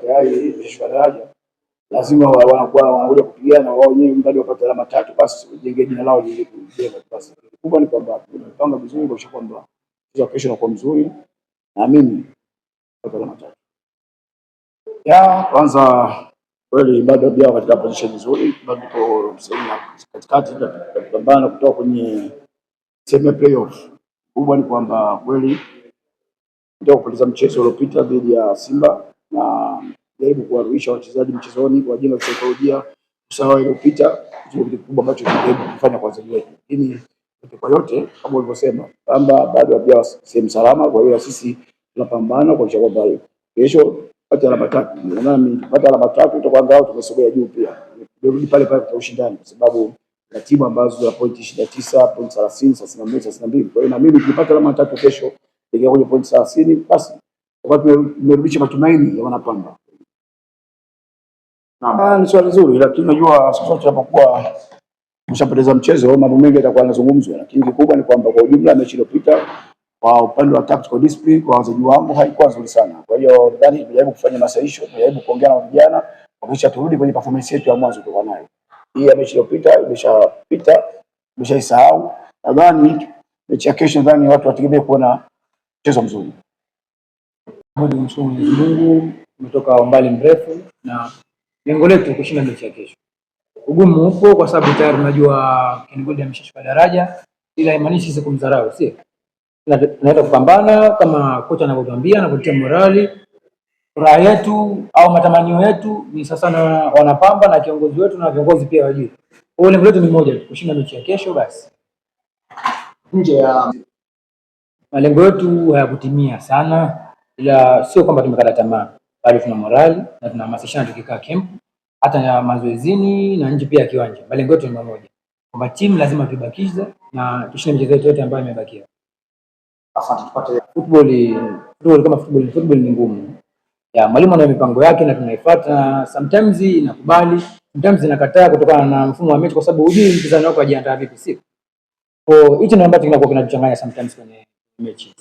tayari imeshuka daraja, lazima wanakuwa wanakuja kupigana wao wenyewe, mradi wapate alama tatu, basi jenge jina lao lije kujenga. Basi kubwa ni kwamba tunapanga vizuri kuhakikisha kwamba mchezo wa kesho unakuwa mzuri, naamini tutapata alama tatu. Ya kwanza kweli bado bia katika position nzuri, bado tuko sehemu katikati, tutapambana kutoka kwenye semi playoff. Kubwa ni kwamba kweli ndio kupoteza mchezo uliopita dhidi ya Simba na jaribu kuwarudisha wachezaji mchezoni, kuwajenga kisaikolojia, usawa iliyopita, kitu kikubwa ambacho tunajaribu kufanya kwa wachezaji wetu. Lakini yote kwa yote, kama ulivyosema kwamba bado hajawa sehemu salama, kwa hiyo sisi tunapambana kuhakikisha kwamba kesho pata alama tatu, nami pata alama tatu, tutakuwa ngao tumesogea juu pia, turudi pale pale kwa ushindani, kwa sababu na timu ambazo za pointi ishirini na tisa pointi thelathini thelathini na moja thelathini na mbili Kwa hiyo na mimi nikipata alama tatu kesho, ingia kwenye pointi thelathini basi wakati tumerudisha matumaini ya Wanapamba. Naam, ah, ni swali zuri, lakini unajua sasa tunapokuwa mshapoteza mchezo, mambo mengi yatakuwa yanazungumzwa, lakini kikubwa ni kwamba kwa ujumla mechi iliyopita kwa upande wa tactical discipline kwa wazaji wangu haikuwa nzuri sana. Kwa hiyo nadhani tumejaribu kufanya masahisho, tumejaribu kuongea na vijana kisha turudi kwenye performance yetu ya mwanzo tulikuwa nayo. Hii ya mechi iliyopita imeshapita, imeshaisahau. Nadhani mechi ya kesho, nadhani watu wategemee kuona mchezo mzuri. Mungu mshukuru Mwenyezi Mungu, umetoka umbali mrefu na lengo letu kushinda mechi ya kesho. Ugumu upo kwa sababu tayari unajua Ken Gold ameshashuka daraja, ila haimaanishi sisi kumdharau, sio. Tunaenda kupambana kama kocha anavyotuambia na kutia morali. Furaha yetu au matamanio yetu ni sasa na wanapamba na kiongozi wetu na viongozi pia wajui. Kwa hiyo lengo letu ni moja kushinda mechi ya kesho basi. Nje ya malengo yetu hayakutimia sana ila sio kwamba tumekata tamaa, bado tuna morali na tunahamasishana tukikaa camp, hata na mazoezini na nje pia kiwanja. Malengo yetu ni moja, kwamba timu lazima tuibakize na tushinde michezo yetu yote ambayo imebakia. Asante, tupate football. Football kama football, football ni ngumu ya mwalimu ana mipango yake na tunaifuata. Sometimes inakubali, sometimes inakataa, kutokana na mfumo wa mechi, kwa sababu hujui mpinzani wako ajiandaa vipi siku. Kwa hiyo hicho ndio ambacho kinakuwa kinachanganya sometimes kwenye mechi.